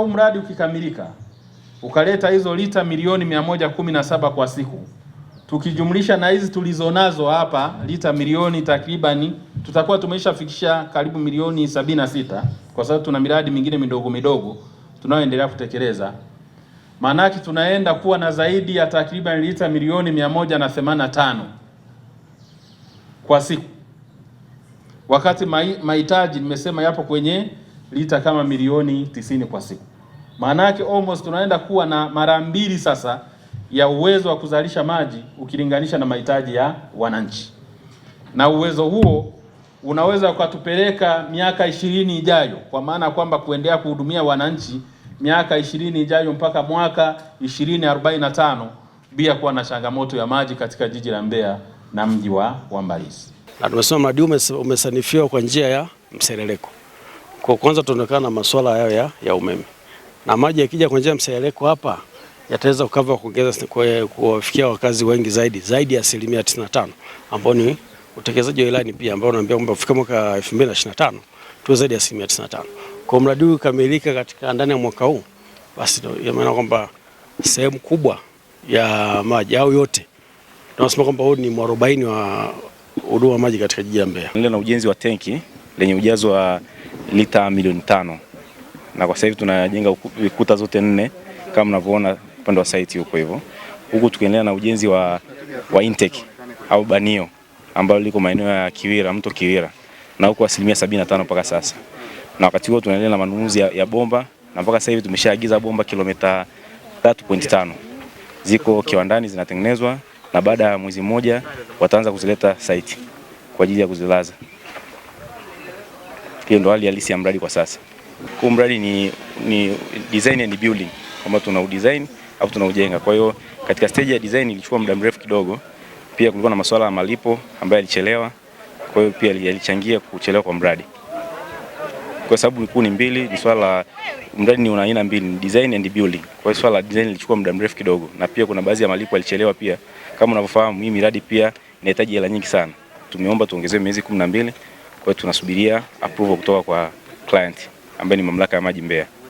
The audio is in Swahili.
Huu mradi ukikamilika ukaleta hizo lita milioni 117 kwa siku, tukijumlisha na hizi tulizonazo hapa lita milioni takribani, tutakuwa tumeshafikisha karibu milioni 76, kwa sababu tuna miradi mingine midogo midogo tunayoendelea kutekeleza. Maanake tunaenda kuwa na zaidi ya takriban lita milioni 185 kwa siku, wakati mahitaji nimesema yapo kwenye lita kama milioni tisini kwa siku. Maana yake almost tunaenda kuwa na mara mbili sasa ya uwezo wa kuzalisha maji ukilinganisha na mahitaji ya wananchi, na uwezo huo unaweza ukatupeleka miaka ishirini ijayo, kwa maana kwamba kuendelea kuhudumia wananchi miaka ishirini ijayo mpaka mwaka ishirini na tano bila kuwa na changamoto ya maji katika jiji la Mbeya na mji wa Mbalizi. Na tumesema mradi umesanifiwa kwa njia ya mserereko. Kwa kwanza tunaonekana na masuala hayo ya, ya umeme na maji yakija kwa njia mseleko hapa yataweza kukava kuongeza kuwafikia wakazi wengi zaidi zaidi ya asilimia 95 ambao ni utekelezaji wa ilani pia ambao unaambia kwamba kufika mwaka 2025 tuwe zaidi ya asilimia 95. Kwa mradi huu kamilika katika ndani ya mwaka huu, basi maana kwamba sehemu kubwa ya maji au yote tunasema kwamba huu ni mwarobaini wa huduma maji katika jiji la Mbeya. Na ujenzi wa tenki lenye ujazo wa lita milioni tano na kwa sasa hivi tunajenga kuta zote nne kama mnavyoona upande wa site huko hivyo, huku tukiendelea na ujenzi wa, wa intake au banio ambayo liko maeneo ya Kiwira, mto Kiwira na huko asilimia tano mpaka sasa, na wakati huo tunaendelea na manunuzi ya, ya bomba na mpaka sasa hivi tumeshaagiza bomba kilomita 3.5 ziko kiwandani zinatengenezwa, na baada ya mwezi mmoja wataanza kuzileta site kwa ajili ya kuzilaza. Hiyo ndo hali halisi ya mradi kwa sasa. Huu mradi ni, ni design and building kwamba tuna udesign au tunaujenga. Kwa hiyo katika stage ya design ilichukua muda mrefu kidogo, pia kulikuwa na masuala ya malipo ambayo yalichelewa, kwa hiyo pia yalichangia kuchelewa kwa mradi, kwa sababu kuu ni mbili. Ni swala la mradi ni una aina mbili, design and building. Kwa hiyo swala la design lilichukua muda mrefu kidogo, na pia kuna baadhi ya malipo yalichelewa pia. Kama unavyofahamu, hii miradi pia inahitaji hela nyingi sana. Tumeomba tuongezewe miezi 12 kwa hiyo tunasubiria approval kutoka kwa client ambaye ni mamlaka ya maji Mbeya.